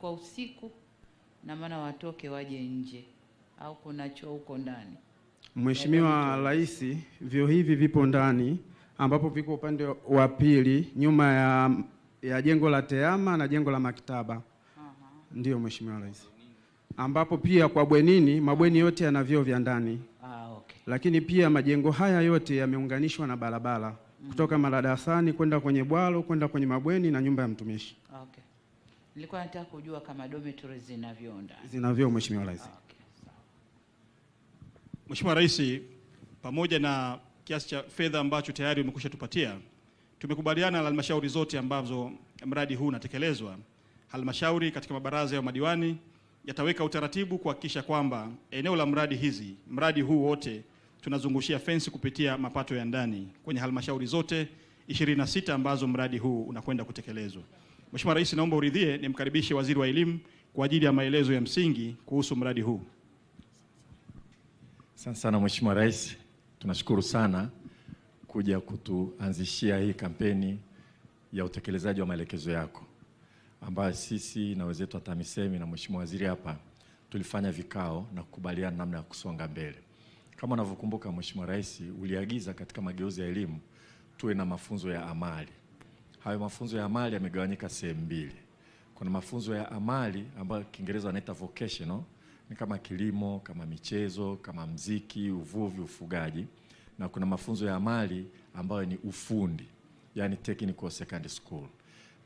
kwa usiku na maana watoke waje nje au kuna choo huko ndani? Mheshimiwa Rais, vyoo hivi vipo ndani ambapo viko upande wa pili nyuma ya, ya jengo la TEHAMA na jengo la maktaba. Ndiyo Mheshimiwa Rais, ambapo pia kwa bwenini, mabweni yote yana vyoo vya ndani. Ah, okay. Lakini pia majengo haya yote yameunganishwa na barabara mm -hmm. kutoka maradasani kwenda kwenye bwalo kwenda kwenye mabweni na nyumba ya mtumishi. Okay. Nilikuwa nataka kujua kama dormitory zina Zinavyo, Mheshimiwa Rais. Okay, Mheshimiwa Rais, pamoja na kiasi cha fedha ambacho tayari umekwisha tupatia, tumekubaliana na halmashauri zote ambazo mradi huu unatekelezwa, halmashauri katika mabaraza ya madiwani yataweka utaratibu kuhakikisha kwamba eneo la mradi hizi mradi huu wote tunazungushia fensi kupitia mapato ya ndani kwenye halmashauri zote 26 ambazo mradi huu unakwenda kutekelezwa. Mheshimiwa Rais, naomba uridhie nimkaribishe Waziri wa Elimu kwa ajili ya maelezo ya msingi kuhusu mradi huu. Asante sana Mheshimiwa Rais, tunashukuru sana kuja kutuanzishia hii kampeni ya utekelezaji wa maelekezo yako ambayo sisi na wenzetu wa TAMISEMI na Mheshimiwa Waziri hapa tulifanya vikao na kukubaliana namna ya kusonga mbele. Kama unavyokumbuka Mheshimiwa Rais, uliagiza katika mageuzi ya elimu tuwe na mafunzo ya amali hayo mafunzo ya amali yamegawanyika sehemu mbili. Kuna mafunzo ya amali ambayo Kiingereza wanaita vocational, ni kama kilimo, kama michezo, kama mziki, uvuvi, ufugaji, na kuna mafunzo ya amali ambayo ni ufundi, yani technical second school.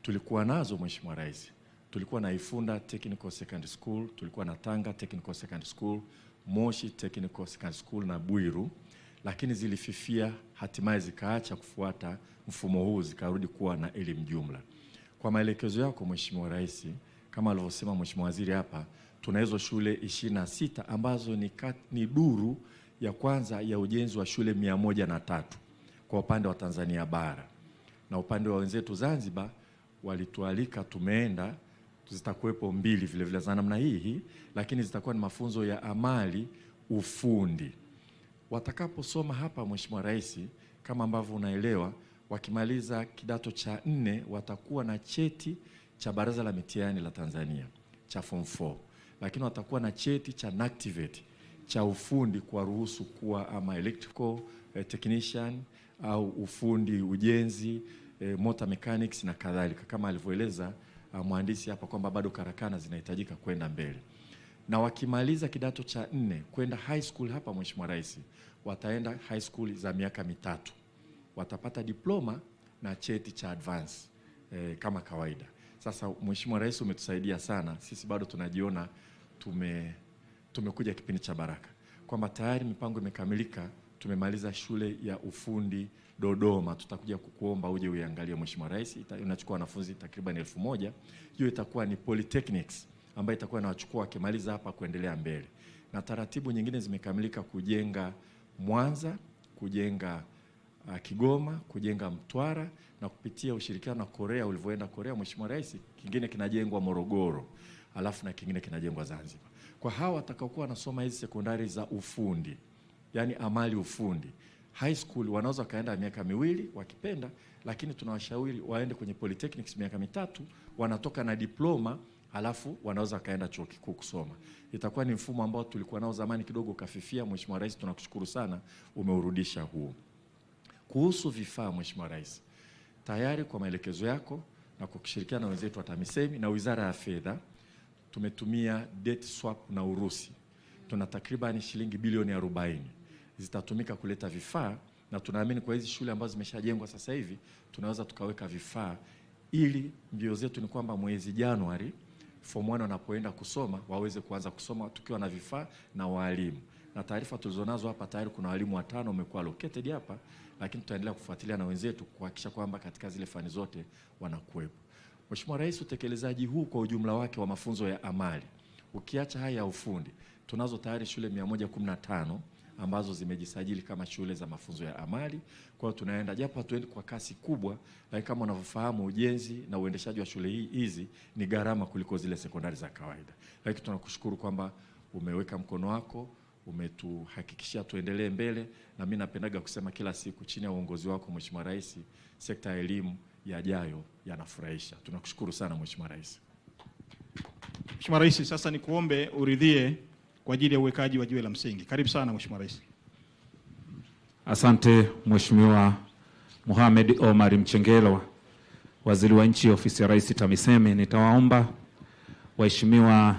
Tulikuwa nazo Mheshimiwa Rais, tulikuwa na Ifunda Technical second School, tulikuwa na Tanga Technical second School, Moshi Technical second School na Bwiru lakini zilififia, hatimaye zikaacha kufuata mfumo huu, zikarudi kuwa na elimu jumla. Kwa maelekezo yako Mheshimiwa Rais, kama alivyosema Mheshimiwa Waziri hapa, tunazo shule 26 sita ambazo ni, kat, ni duru ya kwanza ya ujenzi wa shule mia na tatu kwa upande wa Tanzania bara na upande wa wenzetu Zanzibar walitualika, tumeenda. Zitakuwepo mbili vilevile za namna hii hii, lakini zitakuwa ni mafunzo ya amali ufundi watakaposoma hapa, Mheshimiwa Rais, kama ambavyo unaelewa, wakimaliza kidato cha nne watakuwa na cheti cha Baraza la Mitihani la Tanzania cha form 4, lakini watakuwa na cheti cha NACTVET e cha ufundi kwa ruhusu kuwa ama electrical eh, technician au ufundi ujenzi eh, motor mechanics na kadhalika, kama alivyoeleza ah, mhandisi hapa kwamba bado karakana zinahitajika kwenda mbele na wakimaliza kidato cha nne kwenda high school hapa Mheshimiwa Rais, wataenda high school za miaka mitatu, watapata diploma na cheti cha advance eh, kama kawaida. Sasa Mheshimiwa Rais, umetusaidia sana sisi, bado tunajiona tume tumekuja kipindi cha baraka kwamba tayari mipango imekamilika. Tumemaliza shule ya ufundi Dodoma, tutakuja kukuomba uje uiangalie Mheshimiwa Rais. Inachukua wanafunzi takriban elfu moja. Hiyo itakuwa ni polytechnics ambayo itakuwa inawachukua wakimaliza hapa kuendelea mbele, na taratibu nyingine zimekamilika kujenga Mwanza, kujenga uh, Kigoma, kujenga Mtwara na kupitia ushirikiano na Korea ulivyoenda Korea, Mheshimiwa Rais, kingine kinajengwa Morogoro, alafu na kingine kinajengwa Zanzibar. Kwa hawa watakaokuwa wanasoma hizi sekondari za ufundi, yani amali ufundi high school wanaweza wakaenda miaka miwili wakipenda, lakini tunawashauri waende kwenye polytechnics miaka mitatu, wanatoka na diploma alafu wanaweza wakaenda chuo kikuu kusoma. Itakuwa ni mfumo ambao tulikuwa nao zamani kidogo ukafifia. Mheshimiwa Rais, tunakushukuru sana umeurudisha huo. Kuhusu vifaa, Mheshimiwa Rais, tayari kwa maelekezo yako na kwa kushirikiana na wenzetu wa TAMISEMI na Wizara ya Fedha tumetumia debt swap na Urusi, tuna takriban shilingi bilioni 40 zitatumika kuleta vifaa na tunaamini kwa hizi shule ambazo zimeshajengwa sasa hivi tunaweza tukaweka vifaa ili mbio zetu ni kwamba mwezi Januari form 1 wanapoenda kusoma waweze kuanza kusoma tukiwa na vifaa na walimu na taarifa tulizonazo hapa tayari kuna walimu watano wamekuwa located hapa, lakini tutaendelea kufuatilia na wenzetu kuhakikisha kwamba katika zile fani zote wanakuwepo. Mheshimiwa Rais, utekelezaji huu kwa ujumla wake wa mafunzo ya amali ukiacha haya ya ufundi, tunazo tayari shule 115 ambazo zimejisajili kama shule za mafunzo ya amali. Kwa hiyo tunaenda, japo hatuendi kwa kasi kubwa, lakini kama unavyofahamu ujenzi na uendeshaji wa shule hizi ni gharama kuliko zile sekondari za kawaida, lakini tunakushukuru kwamba umeweka mkono wako umetuhakikishia tuendelee mbele, na mimi napendaga kusema kila siku, chini ya uongozi wako Mheshimiwa Rais, sekta ya elimu yajayo yanafurahisha. Tunakushukuru sana Mheshimiwa Rais. Mheshimiwa Rais, sasa nikuombe uridhie kwa ajili ya uwekaji wa jiwe la msingi. Karibu sana Mheshimiwa Rais. Asante Mheshimiwa Mohamed Omar mchengelwa Waziri wa Nchi, Ofisi ya Rais, TAMISEMI. Nitawaomba waheshimiwa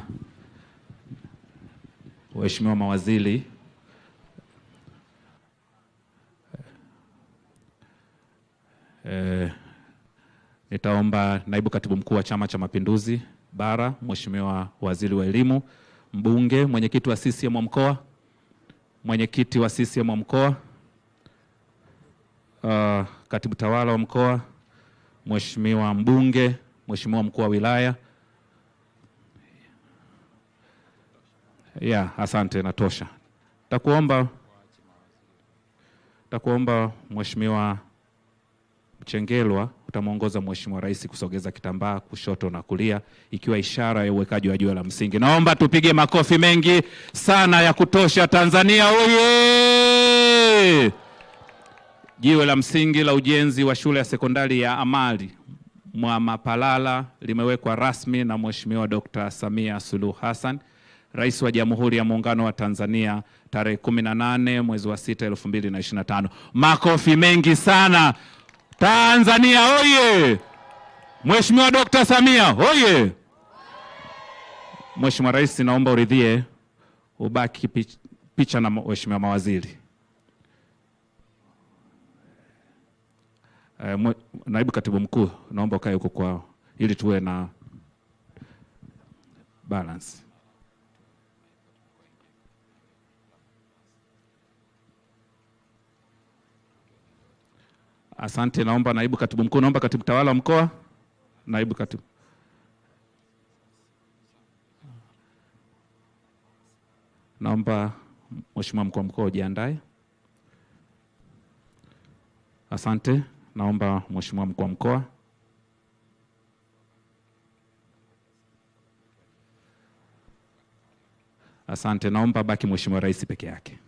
waheshimiwa mawaziri e, nitaomba naibu katibu mkuu wa Chama cha Mapinduzi Bara, Mheshimiwa Waziri wa Elimu mbunge, mwenyekiti wa CCM wa mkoa, mwenyekiti wa CCM wa mkoa, uh, katibu tawala wa mkoa, mheshimiwa mbunge, mheshimiwa mkuu wa wilaya. Yeah, asante, natosha. Takuomba takuomba mheshimiwa Mchengerwa utamwongoza Mheshimiwa Rais kusogeza kitambaa kushoto na kulia ikiwa ishara ya uwekaji wa jiwe la msingi. Naomba tupige makofi mengi sana ya kutosha. Tanzania oye! Jiwe la msingi la ujenzi wa shule ya sekondari ya amali Mwamapalala limewekwa rasmi na Mheshimiwa Dr. Samia Suluhu Hassan, Rais wa Jamhuri ya Muungano wa Tanzania tarehe 18 mwezi wa 6 2025. Makofi mengi sana. Tanzania oye! Mheshimiwa Dkt. Samia oye! Mheshimiwa Rais, naomba uridhie ubaki picha na Mheshimiwa mawaziri. Uh, naibu katibu mkuu naomba ukae huko kwao ili tuwe na balance. Asante. Naomba naibu katibu mkuu, naomba katibu tawala wa mkoa, naibu katibu Naomba Mheshimiwa mkuu wa mkoa ujiandae. Asante. Naomba Mheshimiwa mkuu wa mkoa. Asante. Naomba baki Mheshimiwa Rais peke yake.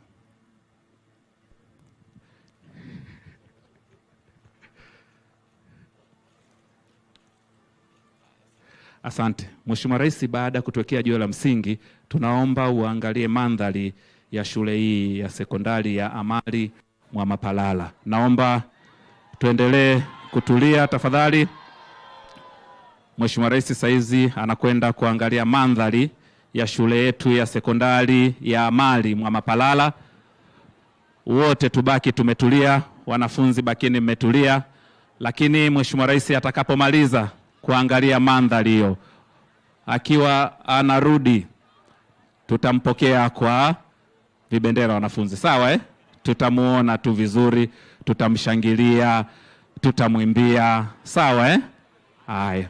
Asante Mheshimiwa Rais, baada ya kutuwekea jiwe la msingi, tunaomba uangalie mandhari ya shule hii ya sekondari ya Amali Mwamapalala. Naomba tuendelee kutulia tafadhali. Mheshimiwa Rais saizi anakwenda kuangalia mandhari ya shule yetu ya sekondari ya Amali Mwamapalala. Wote tubaki tumetulia, wanafunzi bakini mmetulia, lakini Mheshimiwa Rais atakapomaliza kuangalia mandhari hiyo. Akiwa anarudi, tutampokea kwa vibendera wanafunzi, sawa eh? Tutamuona tu vizuri, tutamshangilia, tutamwimbia, sawa eh? Haya.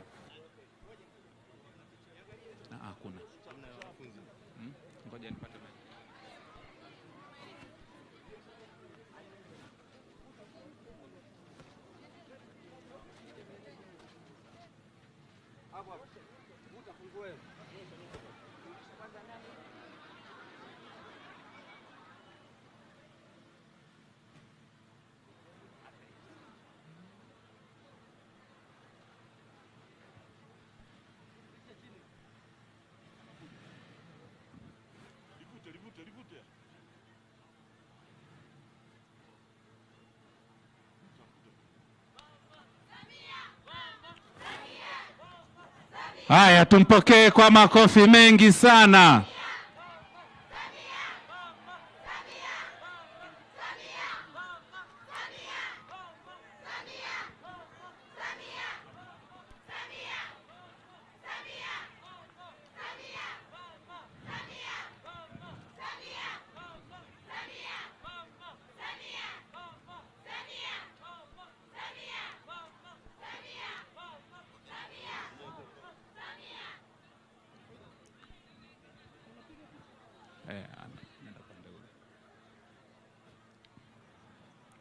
Haya, tumpokee kwa makofi mengi sana.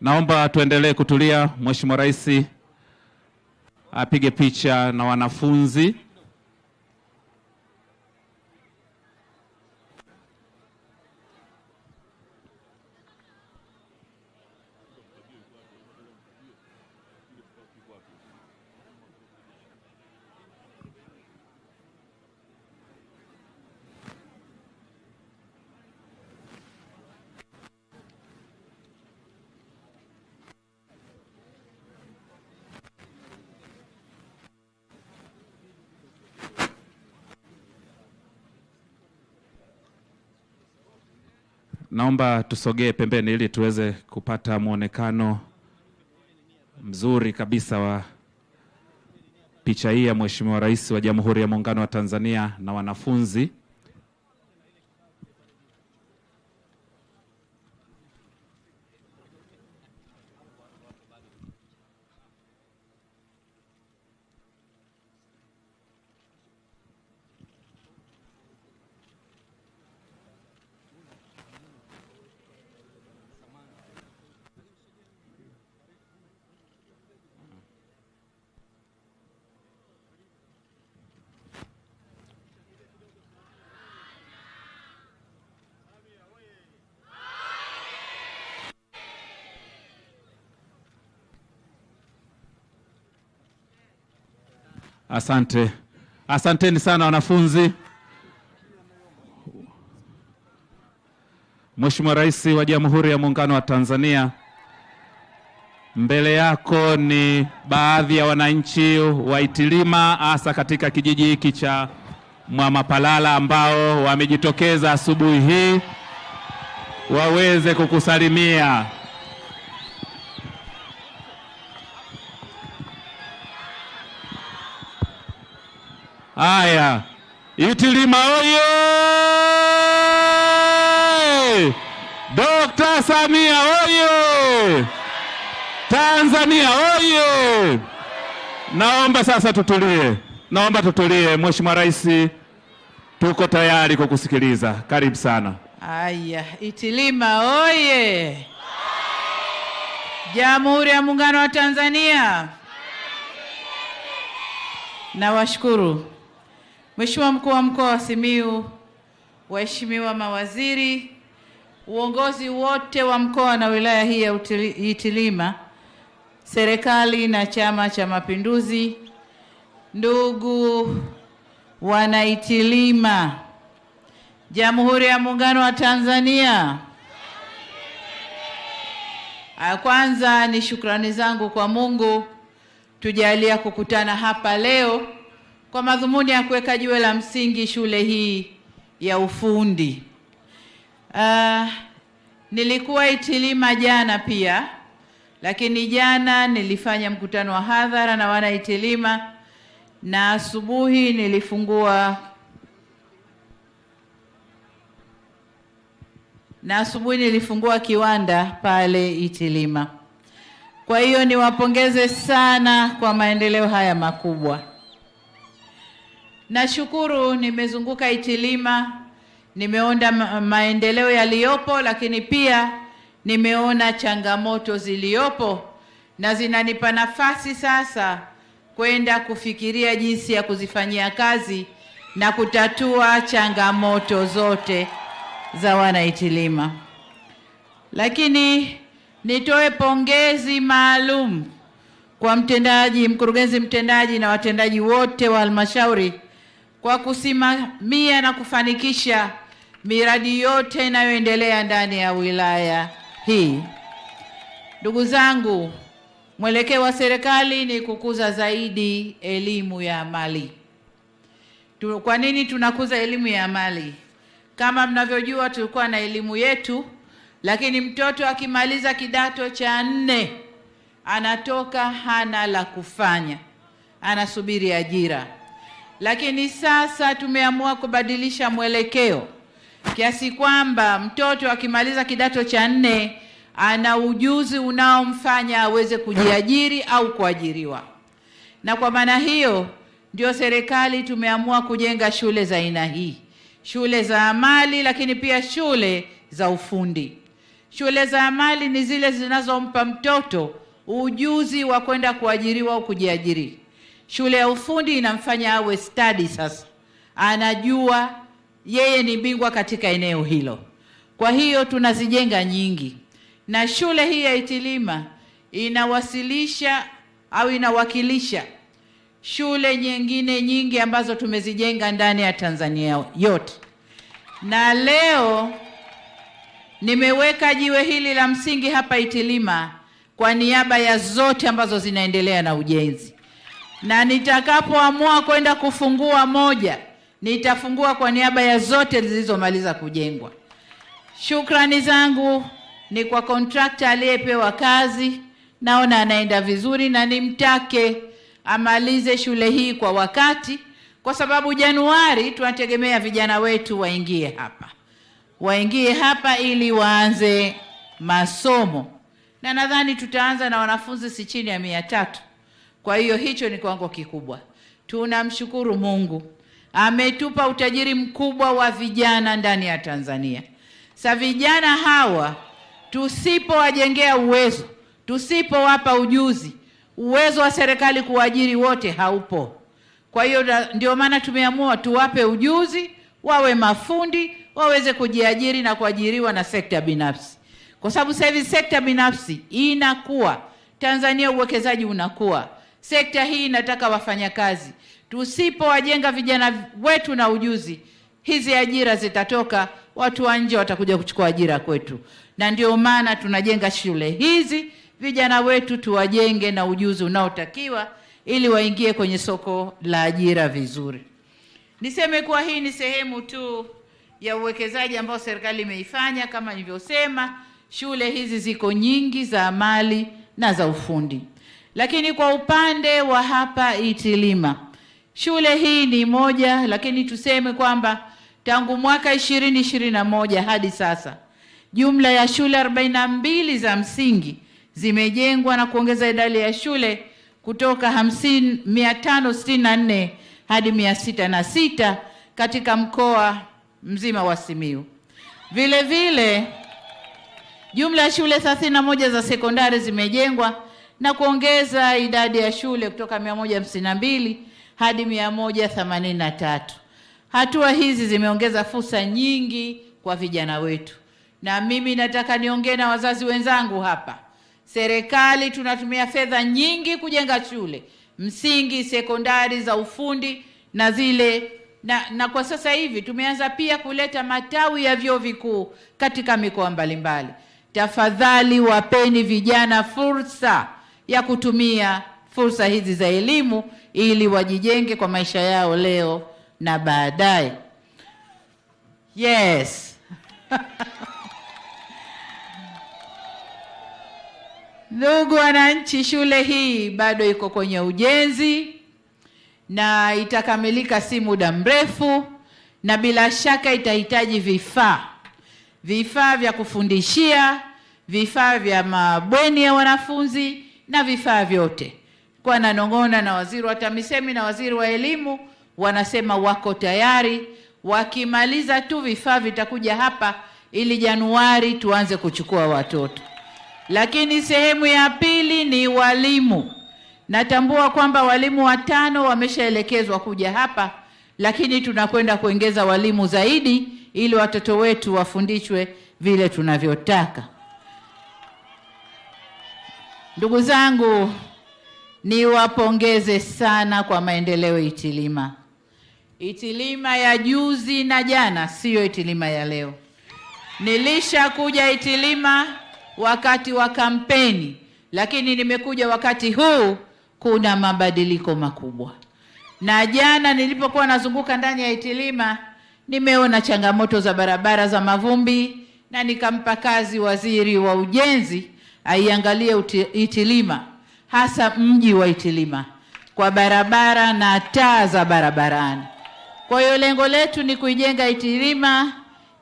Naomba tuendelee kutulia, Mheshimiwa Rais apige picha na wanafunzi. Naomba tusogee pembeni ili tuweze kupata mwonekano mzuri kabisa wa picha hii ya Mheshimiwa Rais wa Jamhuri ya Muungano wa Tanzania na wanafunzi. Asante, asanteni sana wanafunzi. Mheshimiwa Rais wa Jamhuri ya Muungano wa Tanzania, mbele yako ni baadhi ya wananchi wa Itilima, hasa katika kijiji hiki cha Mwamapalala ambao wamejitokeza asubuhi hii waweze kukusalimia. Haya, Itilima oye! Dr. Samia oye! Tanzania oye! Naomba sasa tutulie, naomba tutulie. Mheshimiwa Rais, tuko tayari kukusikiliza. Karibu sana. Haya, Itilima oye! Jamhuri ya Muungano wa Tanzania, nawashukuru. Mheshimiwa Mkuu wa Mkoa wa Simiyu, waheshimiwa mawaziri, uongozi wote wa mkoa na wilaya hii ya Itilima, serikali na Chama cha Mapinduzi, ndugu wanaitilima, Jamhuri ya Muungano wa Tanzania. Ah, kwanza ni shukrani zangu kwa Mungu tujalia kukutana hapa leo kwa madhumuni ya kuweka jiwe la msingi shule hii ya ufundi. Uh, nilikuwa Itilima jana pia, lakini jana nilifanya mkutano wa hadhara na wana Itilima na asubuhi nilifungua na asubuhi nilifungua kiwanda pale Itilima. Kwa hiyo niwapongeze sana kwa maendeleo haya makubwa. Nashukuru nimezunguka Itilima, nimeona maendeleo yaliyopo, lakini pia nimeona changamoto ziliyopo na zinanipa nafasi sasa kwenda kufikiria jinsi ya kuzifanyia kazi na kutatua changamoto zote za wana Itilima. Lakini nitoe pongezi maalum kwa mtendaji, mkurugenzi mtendaji na watendaji wote wa halmashauri kwa kusimamia na kufanikisha miradi yote inayoendelea ndani ya wilaya hii. Ndugu zangu, mwelekeo wa serikali ni kukuza zaidi elimu ya mali. Kwa nini tunakuza elimu ya mali? Kama mnavyojua, tulikuwa na elimu yetu, lakini mtoto akimaliza kidato cha nne anatoka hana la kufanya, anasubiri ajira lakini sasa tumeamua kubadilisha mwelekeo kiasi kwamba mtoto akimaliza kidato cha nne ana ujuzi unaomfanya aweze kujiajiri au kuajiriwa. Na kwa maana hiyo ndio serikali tumeamua kujenga shule za aina hii, shule za amali, lakini pia shule za ufundi. Shule za amali ni zile zinazompa mtoto ujuzi wa kwenda kuajiriwa au kujiajiri Shule ya ufundi inamfanya awe stadi, sasa anajua yeye ni bingwa katika eneo hilo. Kwa hiyo tunazijenga nyingi, na shule hii ya Itilima inawasilisha au inawakilisha shule nyingine nyingi ambazo tumezijenga ndani ya Tanzania yote, na leo nimeweka jiwe hili la msingi hapa Itilima kwa niaba ya zote ambazo zinaendelea na ujenzi na nitakapoamua kwenda kufungua moja, nitafungua kwa niaba ya zote zilizomaliza kujengwa. Shukrani zangu ni kwa kontrakta aliyepewa kazi, naona anaenda vizuri, na nimtake amalize shule hii kwa wakati, kwa sababu Januari tunategemea vijana wetu waingie hapa, waingie hapa ili waanze masomo, na nadhani tutaanza na wanafunzi si chini ya mia tatu. Kwa hiyo hicho ni kiwango kikubwa. Tunamshukuru Mungu ametupa utajiri mkubwa wa vijana ndani ya Tanzania. Sa vijana hawa tusipowajengea uwezo, tusipowapa ujuzi, uwezo wa serikali kuwaajiri wote haupo. Kwa hiyo ndio maana tumeamua tuwape ujuzi, wawe mafundi, waweze kujiajiri na kuajiriwa na sekta binafsi, kwa sababu sasa hivi sekta binafsi inakuwa Tanzania, uwekezaji unakuwa Sekta hii inataka wafanyakazi. Tusipowajenga vijana wetu na ujuzi, hizi ajira zitatoka, watu wa nje watakuja kuchukua ajira kwetu, na ndio maana tunajenga shule hizi. Vijana wetu tuwajenge na ujuzi unaotakiwa ili waingie kwenye soko la ajira vizuri. Niseme kuwa hii ni sehemu tu ya uwekezaji ambao serikali imeifanya. Kama nilivyosema, shule hizi ziko nyingi za amali na za ufundi. Lakini kwa upande wa hapa Itilima, shule hii ni moja, lakini tuseme kwamba tangu mwaka 2021 hadi sasa jumla ya shule 42 za msingi zimejengwa na kuongeza idadi ya shule kutoka 564 hadi 606 katika mkoa mzima wa Simiyu. Vile vile jumla ya shule 31 za sekondari zimejengwa na kuongeza idadi ya shule kutoka mbili hadi tatu. Hatua hizi zimeongeza fursa nyingi kwa vijana wetu, na mimi nataka niongee na wazazi wenzangu hapa. Serikali tunatumia fedha nyingi kujenga shule msingi, sekondari, za ufundi na zile na, na kwa sasa hivi tumeanza pia kuleta matawi ya vyuo vikuu katika mikoa mbalimbali. Tafadhali wapeni vijana fursa ya kutumia fursa hizi za elimu ili wajijenge kwa maisha yao leo na baadaye. Yes. Ndugu wananchi, shule hii bado iko kwenye ujenzi na itakamilika si muda mrefu, na bila shaka itahitaji vifaa, vifaa vya kufundishia, vifaa vya mabweni ya wanafunzi na vifaa vyote. Kwa nanong'ona na waziri wa TAMISEMI na waziri wa elimu, wanasema wako tayari, wakimaliza tu vifaa vitakuja hapa ili Januari tuanze kuchukua watoto. Lakini sehemu ya pili ni walimu. Natambua kwamba walimu watano wameshaelekezwa kuja hapa, lakini tunakwenda kuongeza walimu zaidi ili watoto wetu wafundishwe vile tunavyotaka. Ndugu zangu, niwapongeze sana kwa maendeleo Itilima. Itilima ya juzi na jana siyo Itilima ya leo. Nilishakuja Itilima wakati wa kampeni, lakini nimekuja wakati huu, kuna mabadiliko makubwa. Na jana nilipokuwa nazunguka ndani ya Itilima, nimeona changamoto za barabara za mavumbi, na nikampa kazi waziri wa ujenzi aiangalie Itilima, hasa mji wa Itilima kwa barabara na taa za barabarani. Kwa hiyo lengo letu ni kuijenga Itilima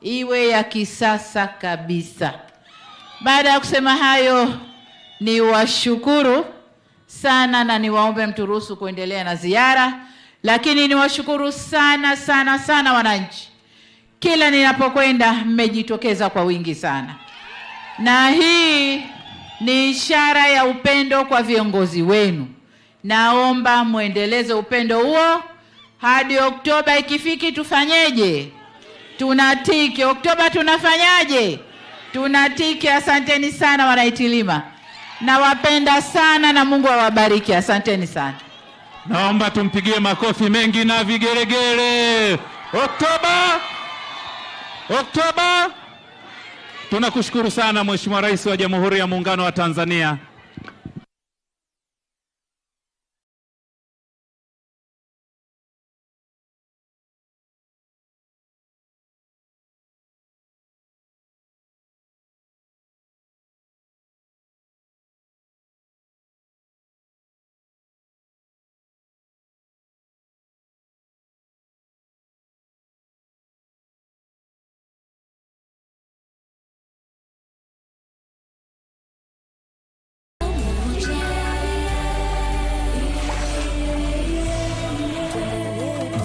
iwe ya kisasa kabisa. Baada ya kusema hayo, ni washukuru sana na niwaombe mturuhusu kuendelea na ziara, lakini niwashukuru sana sana sana wananchi. Kila ninapokwenda mmejitokeza kwa wingi sana, na hii ni ishara ya upendo kwa viongozi wenu. Naomba muendeleze upendo huo hadi Oktoba ikifiki. Tufanyeje? Tunatiki Oktoba, tunafanyaje? Tunatiki. Asanteni sana wanaitilima, nawapenda sana na Mungu awabariki. Asanteni sana. Naomba tumpigie makofi mengi na vigeregere. Oktoba, Oktoba. Tunakushukuru sana Mheshimiwa Rais wa Jamhuri ya Muungano wa Tanzania.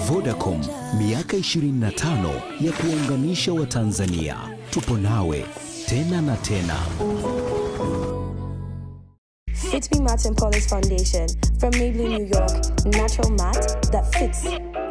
Vodacom, miaka 25 ya kuunganisha Watanzania. Tupo nawe tena na tena. It's Me Matte and Polish Foundation from Maybelline, New York. Natural matte that fits.